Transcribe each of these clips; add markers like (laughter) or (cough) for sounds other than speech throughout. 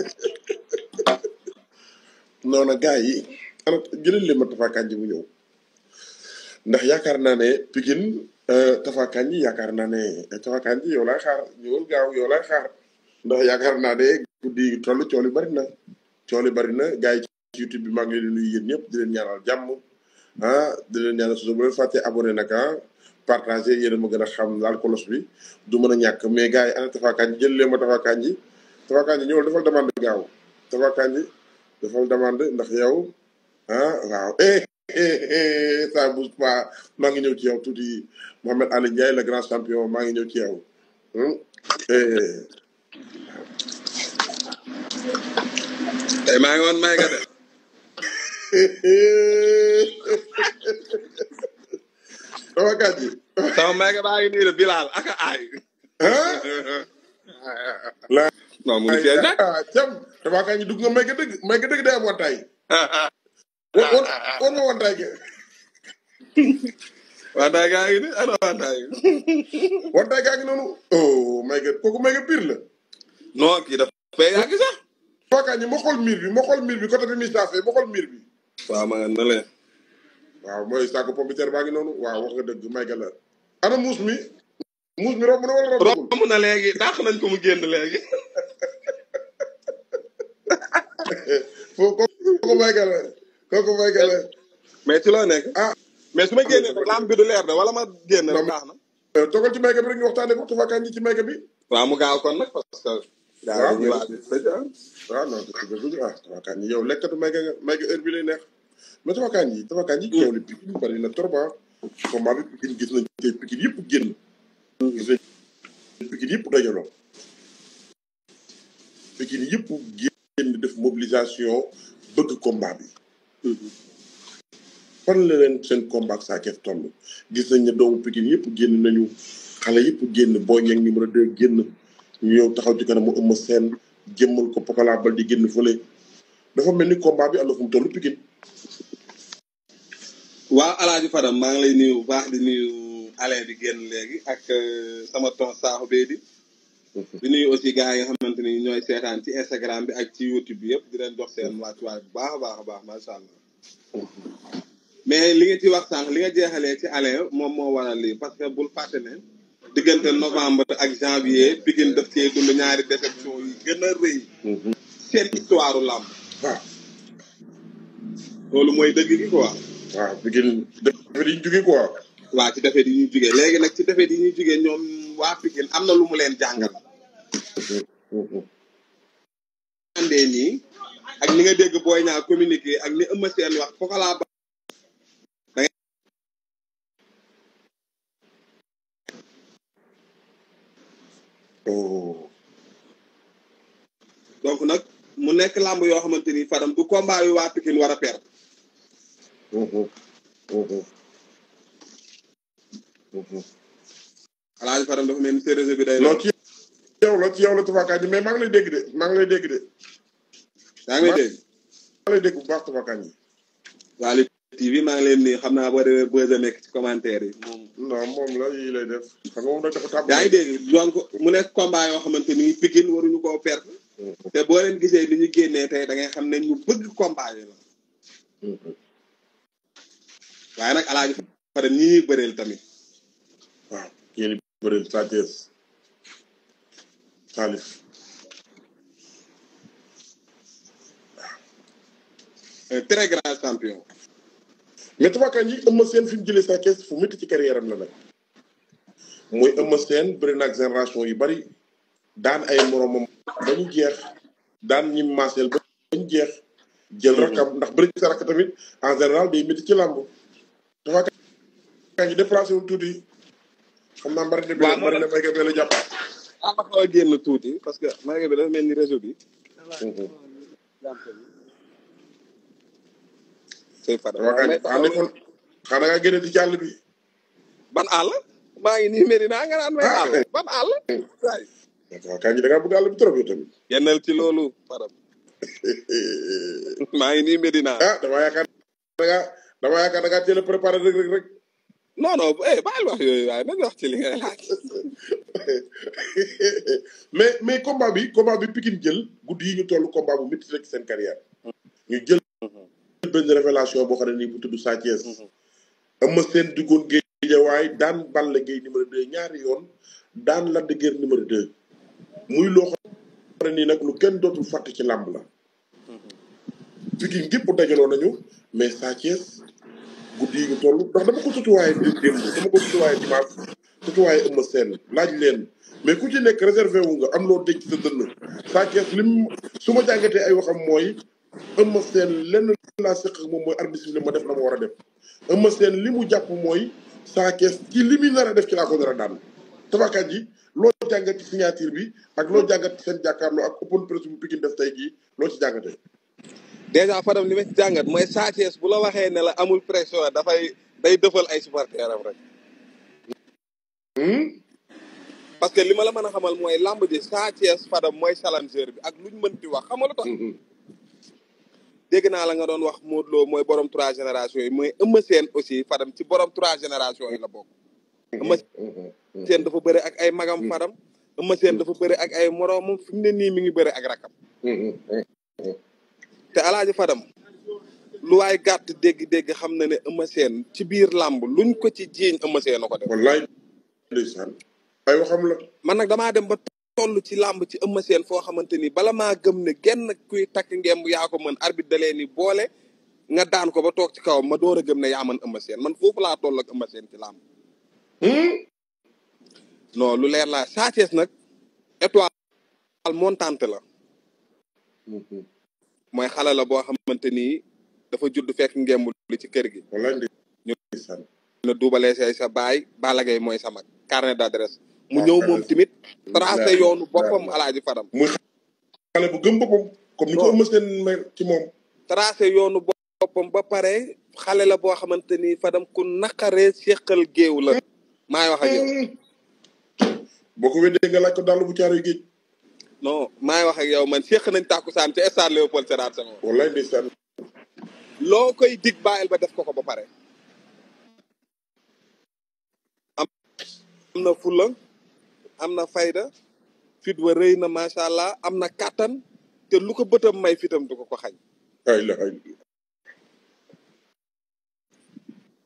(laughs) Nona gaay yi ana jëlal le ma Tafa ji mu ñëw ndax yaakaar naa ne euh Tafa ji yaakar na ne Tafa ji yow la xaar ñëwal gaaw yow la xaar ndax yaakar na ne guddi tollu cool bari na cool bari na gaay ci YouTube bi ma ngi leen di nuyu ñëpp di leen ñaanal jamm ah di leen ñaanal su bu leen fàtte abonné nag ah partagé yéen a ma gën a xam laal bi du mëna ñak mais gaay ana Tafa jël le ma Tafa ji Tapha Kandji ñëwal defal demande gaaw Tapha Kandji defal demande ndax yow ah waaw eh, eh, eh, ça bouge pas maa ngi ñëw ci yow tuuti Mohamed Ali Ndiaye le grand champion maa ngi ñëw ci yow tey hmm? maa ngi woon may ga de (laughs) Tapha Kandji sama may ga baa ngi nii de Bilal aka aay (laughs) non mu ngi fi àgg. ah jàmm damaa kaay dugg nga may nga dëgg may nga dëgg day (laughs) gaa ngi nii ana wantaay gi. (laughs) wantaay gaa ngi noonu. oh may nga kooku may nga pire la. non kii dafa fay yàgg sax. damaa ma xool miir bi ma xool miir bi côté bi muy saafee ma xool miir bi. waaw ma nga leen. waaw mooy saako pompiteer baa ngi noonu waaw wax nga dëgg may nga la ana muus mi. muus mi romb na wala romb na léegi dàq nañ ko mu génn léegi. (laughs) kooku mooy Kelwel kooku mooy Kelwel. mais ci loo nekk. ah mais su ma génnee rek lamb bi du leer de wala ma génne rek baax na. Euh, toogal ci mayka bi rek ñu waxtaanee waxtu vacances yi ci mayka bi. waaw mu gaaw kon nag parce que. waaw ñu waaw ah. waaw non te dëgg ah vacances yi yow lekkatu mayka mayka heure bi lay neex mais vacances yi vacances yi. yow li Pikine bari na trop ah. combat bi Pikine gis nañ tey Pikine yëpp génn. gis nañ Pikine yëpp dajaloo. Pikine yëpp génn. génn def mobilisation bëgg combat bi mhm. fan la leen seen combat ak Sa Thiès gis nañ ne doomu Pikine yëpp génn nañu xale yëpp génn ñu Niang a deux génn ñu yow taxaw ci kanam mu ëmma seen jëmmal ko Pokola di génn fële dafa mel ni combat bi am na fu mu toll Pikine waaw alaaji Fadam maa ngi lay nuyu bu baax di nuyu Alain bi génn léegi ak euh, sama ton saaxu bee di di nuy aussi gars yi nga xamante ni ñooy seetaan ci Instagram bi ak ci YouTube bi yëpp di leen jox seen wàccuwaay bu baax a baax a baax macha allah. mais li nga ci wax sànq li nga jeexale ci Alain moom moo waral lii parce que bul fàtte ne diggante novembre ak janvier Pikine daf cee dund ñaari déception yi gën a rëy. seen histoire làmb. waaw. loolu mooy dëgg gi quoi. waaw Pikine dafet yi ñu jugee quoi. waaw ci dafet léegi nag ci dafet yi ñuy jugee ñoom. waa Pikine amna lu mu len jangal ande ni ak ni nga deg boy nya communiquer ak ni ëmma sen wax foofa la ba oh. donc nak mu nek lamb yo xamanteni fadam du combat yu wa Pikine wara per perdre Mm-hmm. Mm-hmm. Mm-hmm. alaaji Fadam dafa mel ni sa réseau bi day. non ci yow la ci yow la tubaakaan ji mais maa ngi lay dégg de maa ngi lay dégg de. yaa ngi lay dégg. maa ngi lay dégg bu baax tubaakaan ji. waa Lutte TV maa ngi leen nii xam naa boo demee bës a nekk ci commentaire yi. non moom la yii lay def. xam nga moom dafa tàmbali. yaa ngi dégg donc mu nekk combat yoo xamante ni Pikine waruñu koo perte. Mm-hmm. te boo leen gisee li ñu génnee tey da ngay xam ne ñu bëgg combat yi la. Mm-hmm. waaye nag alaaji Fadam ñi ñuy bëreel tamit waaw. Bëril Sa Thiès Salif un grand champion. mais tubakan yi Eumeu Sène fi mu jëlee Sa Thiès fu métti ci carrière am la nag mooy Eumeu Sène bëri na ak génération yu bari daan ay moromam ba ñu jeex daan ñi maaseel ba ñu jeex jël mm-hmm. rakam ndax bëri ci sa rakk en général day métti ci làmb tubakan yi déplacé wu tuuti xam naa bari na bari na may kabelu jàpp ah ma xaw a génn tuuti parce que may kabelu dafa mel ni réseau bi say nga di jàll bi ban àll maa ngi nii meri naa nga naan may àll ah. ban àll kaa ngi da nga bëgg àll bi trop yow tamit medina ci loolu faram (laughs) maa ngi nii meri naa ah dama yaakaar dama yaakaar da nga teel a rek rek rek Non, non, eh, baal wax yooyu waaye nag wax ci li ngay laaj. mais mais combat bi combat bi Pikine jël guddi yi ñu le combat vous mettez avec seen carrière. ñu jël benn révélation boo xam ne nii bu tudd Sa Thiès. Eumeu Sène duggoon dan daan Balla Gaye numéro 2 ñaari yoon daan Lac de Guiers numéro 2. muy loo xam ne nii lu kenn dootul fàtte ci làmb la. Mhm. Pikine gépp dajaloo nañu mais Sa Thiès guddi yi ñu toll ndax dama ko tutuwaayee démb dama ko tutuwaayee dimanche tutuwaayee ëmma seen laaj leen mais ku ci nekk réservé wu nga am loo denc sa dënn saa li lim su ma jàngatee ay waxam mooy ëmma seen lenn laa seq moom mooy arbitre bi ma def la ma war a def ëmma seen li mu jàpp mooy saa kees ci li muy nar a def ci laa ko nar a daan tabakat ji loo jàngat ci signature bi ak loo jàngat seen jàkkaarloo ak open press bu Pikine def tey jii loo ci jàngatee dèjà Fadam li ma jàngat mooy Sa Thiès bu la waxee ne la amul pression dafay day dëfal ay supporteram rek. Hmm? parce que li ma la mën a xamal mooy làmb ji Sa Thiès Fadam mooy challenger bi ak luñ mën di wax xam nga lu hmm, hmm. naa la nga doon wax Modou Lo mooy borom trois générations yi mooy Eumeu Sène aussi Fadam ci borom trois génération yi la bokk. Eumeu Sène dafa bëri ak ay magam Fadam. Eumeu Sène dafa bëri ak ay moroomam fi ne nii mi ngi bëri ak rakam. te alaaji Fadam lu waaye gàtt dégg-dégg xam na ne Eumeu Sène ci biir làmb luñ ko ci jiiñ Eumeu Sène a ko def. wallaay ndeysaan man nag damaa dem ba toll ci làmb ci Eumeu Sène foo xamante ni bala maa gëm ne genn kuy takk ngemb yaa ko mën arbitre da leen ni boole nga daan ko ba toog ci kawam ma door a gëm ne yaa mën Eumeu seen man foofu laa toll ak Eumeu Sène ci làmb. Hmm? non lu leer laa Sa nag étoile montante la. Hmm, hmm. mooy xale la boo xamante ni dafa judd fekk ngembul li ci kër gi. ñu ne duubalee say sa baay balagay mooy samag mag carnet d'adresse mu ñëw moom tamit tracé yoonu boppam alaaji fadam muy xale bu gëm boppam comme ci moom tracé yoonu boppam ba pare xale la boo xamante ni fadam ku naqaree séqal géew la mm. maay wax ak yow mm. boo ko weddee nga laaj ko bu caaro géej non maa ngi wax ak yow man séq nañ tàkkusaan ci stade Léopold Sédar Senghor. wallaay loo koy dig bàyyil ba def ko ko ba pare. am na fulla am na fayda fit wa rëy na macha allah am na kàttan te lu ko bëtam may fitam du ko ko xañ.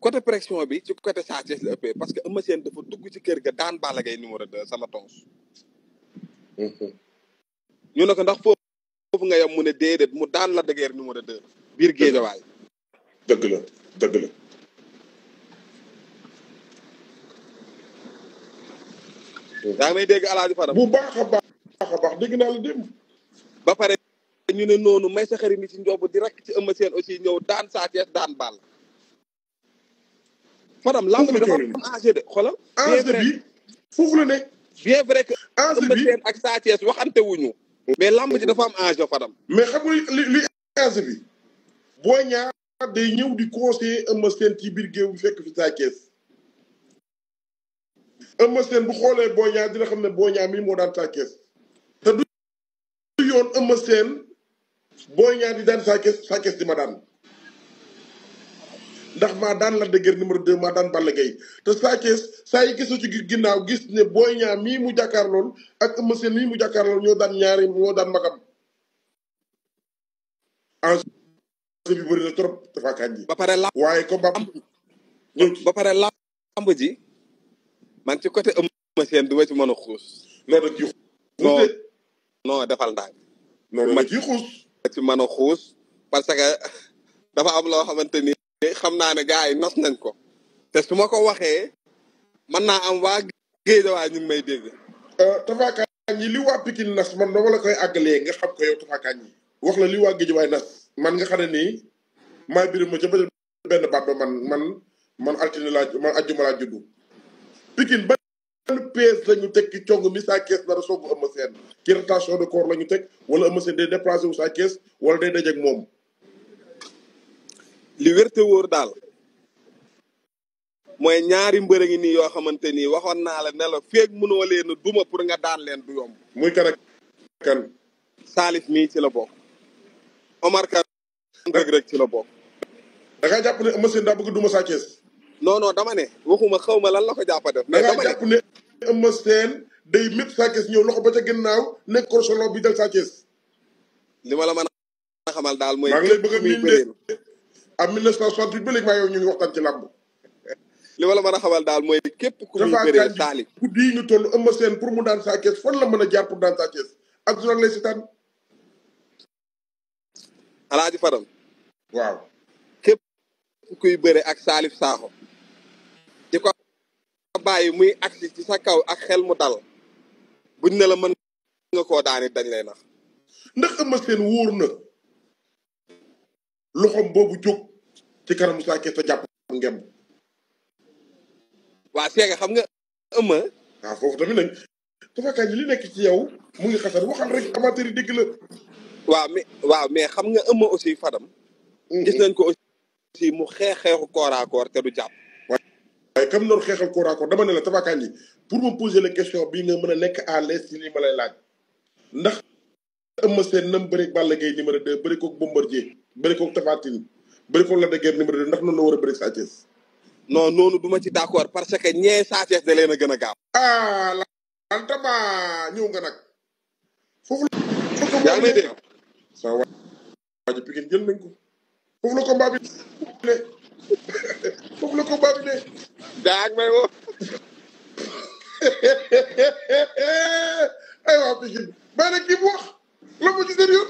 côté pression bi ci côté Sa parce que Eumeu Sène dafa dugg ci kër ga daan Balla Gaye numéro 2 sama tons. Mhm. ñu ne ko ndax foofu nga yem mu ne déedéet mu daan la dëgër numéro deux biir géejawaay dëgg la dëgg la yaa ngi dégg alaaji Fadam bu baax a baax baax dégg naa la démb ba pare ñu ne noonu may sa xarit mi ci njobu di rek ci ëmb seen aussi ñëw daan saatees daan ball Fadam lamb bi dafa am enjeu de xoolal enjeu bi foofu la nekk bien vrai que ëmb seen ak saatees waxante wuñu Mwen lam mwen te defa mwen aje yo fadam. Mwen kapou li aze vi. Bwenya de nye ou di kose mwen sen ti birge ou fèk fèk sa kes. Mwen sen bukho le bwenya direk mwen bwenya mwen mwen dan sa kes. Tadou yon mwen sen bwenya di dan sa kes sa kes di madan. ndax maa daan Lac de Guiers numéro 2 maa daan Balla Gaye te Sa Thiès saa yi gisoo ci ginnaaw gis ne Boy Niang mii mu jàkkaar lool ak Eumeu Sène mii mu jàkkaar lool ñoo daan ñaari ñoo daan magam enjeu bi bëri na trop dafa kàjji ba pare làmb waaye combat ñëw ci ba pare làmb ji man ci côté Eumeu Sène du ma ci mën a xuus non da ciy xuus non defal ndànk non da ciy xuus ci mën a xuus parce que dafa am loo xamante ni xam naa ne gars yi nas nañ ko te su ma ko waxee mën naa am waa Géejawaay ñu may dégg. Euh, Tapha Kandji li waa Pikine nas man dama la àgg lee nga xam ko yow Tapha Kandji wax la li waa Géejawaay nas man nga xam ne nii maa biir ma ca benn baat ba man man man altine laa man ajjuma laa juddu Pikine ba benn pièce la ñu teg ci cong mi saa kees nar a soogu Eumeu Sène ci rotation de corps la ñu teg wala Eumeu Sène day déplacé wu saa kees wala day dajeeg moom li wérte daal mooy ñaari mbër a ngi nii yoo xamante ni waxoon naa la ne la feeg mënoo leen a duma pour nga daan leen du yomb. muy kan ak mii ci la bokk. Omar Kan ci la bokk. da jàpp ne Eumeu Sène daa bëgg duma Sa dama ne waxuma xaw ma lan la ko jàpp da ngaa jàpp day mépp Sa ñëw loxo ba ca gannaaw nekk korsoloo bi dal Sa Thiès. li ma la mën a xamal daal mooy. maa ngi lay a am 1968 ba léegi maa yow ñu ngi waxtaan ci làmb. li ma la mën a xamal daal mooy di képp ku muy bëree taali guddi ñu toll Eumeu seen pour mu daan Sa Thiès fan la mën a jaar pour daan Sa Thiès ak du lay seetaan. Alaaji Fadam. waaw. képp ak Salif Sakho. di ko bàyyi muy agsi ci sa kaw ak xel mu dal. buñ ne la mën nga koo daani dañ lay nax. ndax Eumeu Sène wóor na. loxoom boobu jóg ci kanam Moussa Kessa jàpp ngem. waa Cheikh xam nga ëmma. waaw foofu tamit nag Tapha Kandji li nekk ci yow mu ngi xasar waxal rek amateur yi dégg la. waa mais waaw mais xam nga ëmma aussi Fadam. Mhm. gis nañ ko aussi mu xeex xeexu corps à corps te du jàpp. waaye comme noonu xeexal corps à dama ne la Tapha Kandji pour ma poser la question bii nga mën a nekk à l'aise ci lii ma lay laaj ndax ëmma seen nam bëri Balla Gaye numéro 2 bëri koog Bombardier. bëri koog Tapha Tine bëri koog Lac de Guiers ndax noonu la war a bëri noonu duma ci d' parce que ñee Sa Thiès leen a gën a gaaw. ah la Antaba ñëw nga nag. foofu la foofu la ko. foofu la combat bi la combat bi ne. may woo. (laughs) ay waa Pikine. mais nag bu wax la ci sérieux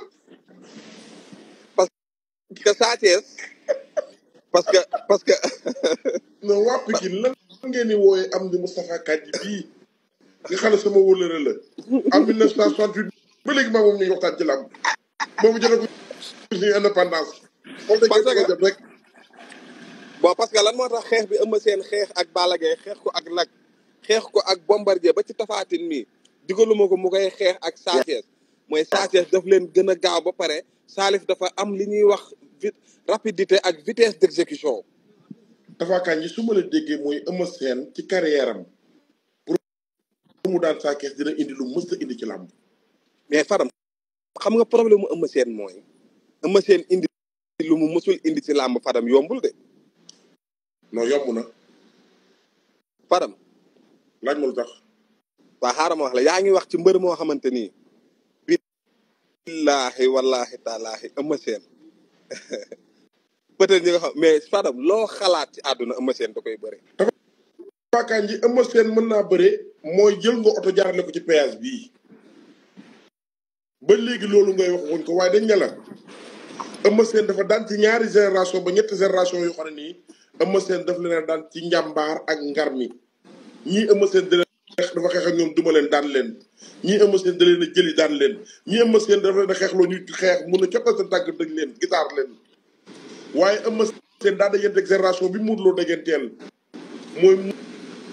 que Sa parce que parce que. (laughs) non waa Pikine lan ngeen di wooyee am di Moustapha Kadji bii nga xam ne sama wóllare ba léegi maa moom ñu ngi ko suñu indépendance. parce que bon parce que lan moo tax xeex bi ëmb seen xeex ak Balla xeex ko ak Lac xeex ko ak Bombardier ba ci Tapha Tine mii ko mu koy xeex ak Sa Thiès mooy Sa daf leen gën a gaaw ba pare. Salif dafa am li ñuy wax rapidité ak vitesse d'exécution. Tapha Kandji suma ma la déggee mooy Eumeu Sène ci carrière am pour mu daan Sa dina indi lu mës indi ci làmb mais Fadam xam nga problème mu Eumeu Sène mooy Eumeu Sène indi lu mu mësul indi ci làmb Fadam yombul de. non yomb na. Fadam. laaj ma lu waa xaaral ma wax la yaa ngi wax ci mbër moo xamante nii billaahi wallaahi taalaahi Eumeu Sène (laughs) peut-être ñi xam mais Fadam loo xalaat ci àdduna Eumeu Sène da koy bëre. waakaan ji Eumeu Sène mën naa bëre mooy jël nga oto jaarale ko ci péage bi ba léegi loolu ngay wax wuñ ko waaye dañ ne la Eumeu Sène dafa daan ci ñaari génération ba ñetti génération yoo xam ne nii Eumeu Sène daf leen daan ci njambaar ak ngar ñii Eumeu Sène xeex dafa xeex ñoom duma leen daan leen ñii ëmb seen da leen a jëli daan leen ñii ëmb seen dafa leen a xeexloo ñuy xeex mun a coppal seen tàgg dëgg leen gitaar leen waaye ëmb seen daa dajante ak génération bi Modou Lo dajanteel mooy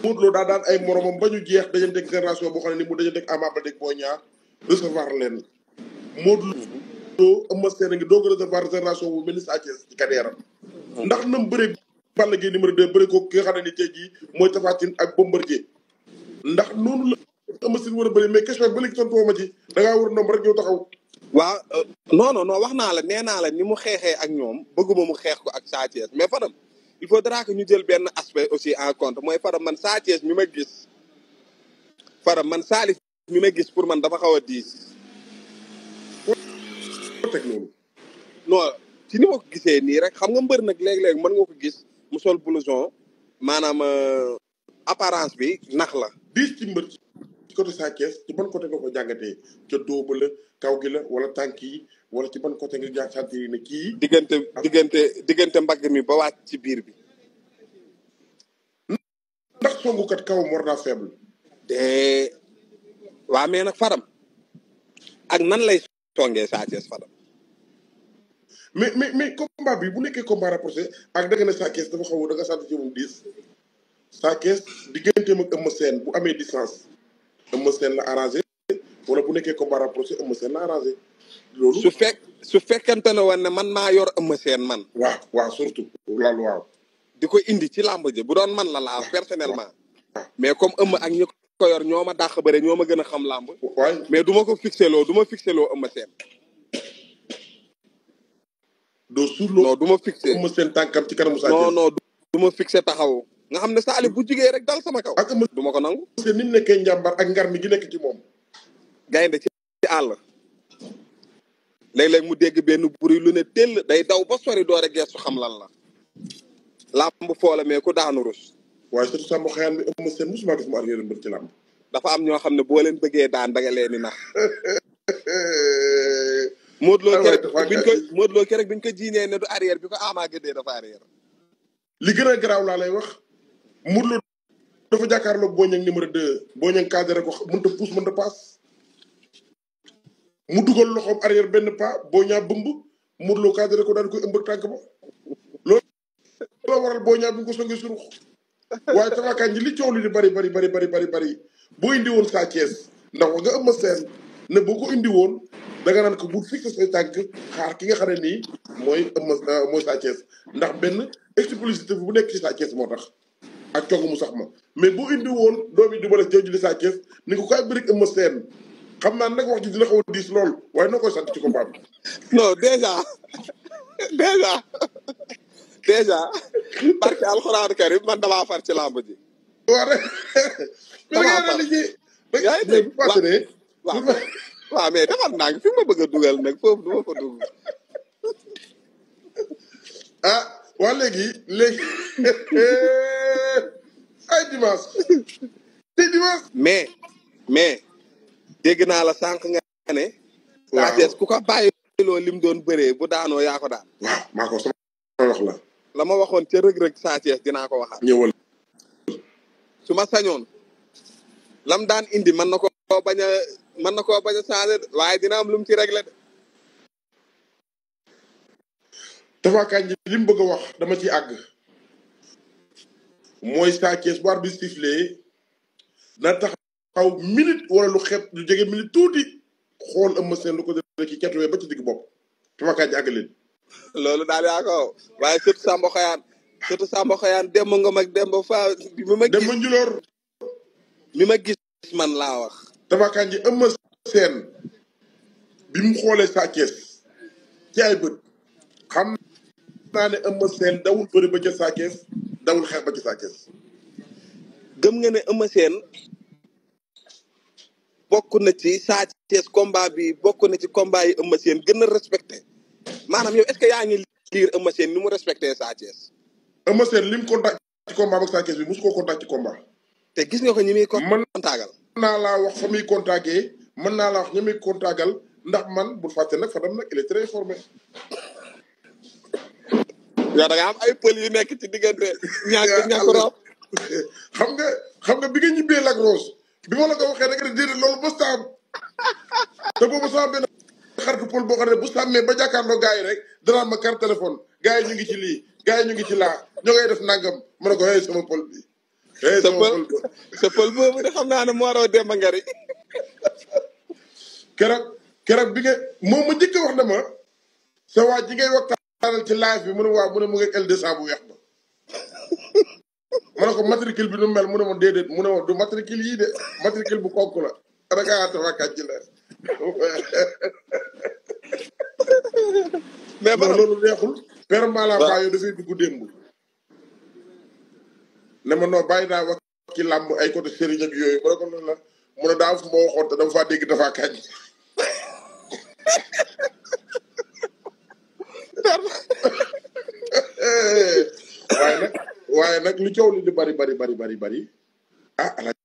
Modou Lo daa daan ay moromam ba ñu jeex dajante ak génération boo xam ne ni mu dajante ak Ama Baldé ak Boy Niang recevoir leen Modou a ngi doog a recevoir génération bu mel ni Sa Thiès ci carrière ndax nam bëre Balla Gaye numéro 2 bëre ko ki nga xam ne ni tey jii mooy Tapha Tine ak Bombardier ndax noonu la Eumeu Sène war a bëri mais question ba léegi tontu ma ci da war a nomb rek ñëw taxaw. waaw euh, non non non wax naa la nee naa la ni mu xeexee ak ñoom bëgguma mu xeex ko ak Sa Thiès mais Fadam il faudra que ñu jël benn aspect aussi en compte mooy Fadam man Sa Thiès mi ma gis Fadam man Salif mi ma gis pour man dafa xaw a diis. non ci ni ma ko gisee nii rek xam nga mbër nag léeg-léeg mën nga ko gis mu sol blouson maanaam euh, apparence bi nax la. diis ci mbër ci ci ban côté nga ko jàngatee ca dóoba la kaw gi la wala tànk yi wala ci ban côté nga jàngatee yi ne kii diggante diggante diggante mbagg mi ba wàcc ci biir bi ndax songukat kaw mor naa faible de waa mais nag faram ak nan lay songee Sa Thiès faram mais mais mais combat bi bu nekkee combat rapproché ak da nga dafa xaw da nga sant ci diis Sa Thiès digganteem ak Eumeu bu amee distance Eumeu Sène la arrangé bu nekkee combat rapproché Eumeu Sène la arrangé. su fekkente ne woon ne man maa yor Eumeu seen man. waaw waaw surtout di ko indi ci làmb ji bu doon man la laa personnellement. mais comme Eumeu ak ñi ko yor ñoo ma dàq bëre ñoo ma gën a xam làmb. mais duma ko fixé loo du ma fixé loo Eumeu Sène. doo du ma fixé. Eumeu Sène ci kanamu Sa Thiès non ma fixé taxaw. nga xam ne Salif bu jugee rek dal sama kaw. ak du ma ko nangu. parce que ni mu nekkee njàmbar ak ngar mi gi nekk ci moom. gaynde ci àll. léeg-léeg mu dégg benn bruit lu ne tell day daw ba sori doore geestu xam lan la. làmb foole mais ku daanu rus. waaye surtout sàmm xayaan bi ëmb seen musuma gis mu arrière mbër ci làmb. dafa am ñoo xam ne boo leen bëggee daan danga leen di nax. (laughs) Modou Lo keroog biñ ko Modou Lo keroog biñ ko jiinee ne du arrière bi ko Ama Gueye dee dafa arrière. li gën a laa lay wax. Modou Lo dafa jàkkaarloog Boy Niang numéro 2 Boy Niang cadré ko mënut a pousse mënut a paas mu dugal loxoom arrière benn pa boo Niang bëmb Modou Lo cadré ko daal koy ëmb ak tànk ba loolu la waral Boy Niang bi mu ko songee waaye Tapha Kandji li coow li di bari bari bari bari bari bari boo indi woon Sa Thiès ndax wax nga Eumeu Sène ne boo ko indi woon danga naan ko bu fixé say tànk xaar ki nga xam ne nii mooy Eumeu euh, mooy Sa ndax benn explosité bu nekk ci Sa Thiès moo tax ak coogu mu sax ma mais bu indi doomi di Sa Thiès ni ko koy bërik ëmma seen xam naa nag wax ji dina xaw a diis lool waaye noo koy sant ci combat bi non déjà déjà déjà alxuraan karim man damaa far ci ji waa rek (laughs) damaa far naa ngi fi ma bëgg a dugal nag foofu du ma ko dugg ah wa léegi léegi (laughs) ay dimanche mais mais dégg naa la sànq nga ne. waaw Sa Thiès ku ko bàyyiloo lim doon bëree bu daanoo yaa ko daan. waaw maa ko sama la. ma waxoon ca rëg-rëg dinaa ko waxaat. ñëwal. su ma sañoon lam daan indi mën na ko bañ a mën na koo bañ a changer waaye dina am lu mu ci réglé de. dafa kañ li mu bëgg wax dama ci àgg mooy Sa Thiès bu arbitre bi sifflé na taxaw minute wala lu xeet lu jege minute tuuti xool Eumeu Sène lu ko defee ci kettuwee ba ci digg bopp Tapha Kandji àgg leen. loolu daal yaa ko waaye surtout Samba surtout dem nga mag dem fa bi ma gis dem njuloor mi ma gis man laa wax. kañ ji Eumeu sen, bi mu xoolee Sa Thiès ci ay bët xam naa ne Eumeu Sène dawul Sa Thiès dawul xeex nga ne Eumeu Sène na ci Sa Thiès combat bi bokk na ci combat yi Eumeu Sène gën a maanaam yow yaa ngi liir Eumeu ni mu respecté Sa Thiès Eumeu li mu contact Sa bi musu koo contact ci combat gis nga ko ñi muy contaagal mën naa wax fa muy contacté mën naa la wax ñi muy contaagal ndax man bu fàtte nag fa dem nag il est très yow da am ay pël yu nekk ci diggante ñàkk ñàkk roob xam nga xam nga bi nga ñibbee Lac Rose bi ma la ko waxee da nga ne déedéet loolu mos na am te boobu sama benn xaritu pël boo xam ne bu sàmmee ba jàkkaarloo gars yi rek danaa ma carte téléphone gars yi ñu ngi ci lii gars yi ñu ngi ci laa ñoo ngay def nangam ma ne ko hey sama pël bi hey sama pël sa pël boobu de xam naa ne moo raw Demba Ngari keroog keroog bi nga moom ma njëkk wax na ma sa ji ngay waxtaan xaaral ci live bi mu ne waaw mu ne mu ngi L200 bu weex ba (laughs) ma ne ko matricule bi nu mel mu ne ma déedéet mu ne ma du matricule yii de matricule bu konk la rakaata fakkat ji la (laughs) mais ba loolu neexul père ne ma noo naa wax ci làmb ay côté sëriñ ak yooyu ma ne ko noonu la mu ne daa fu ma waxoon te dama faa dégg dafa kañ (laughs) ferme. (laughs) waaye nag waaye nag lu coow bari bari bari bari bari ah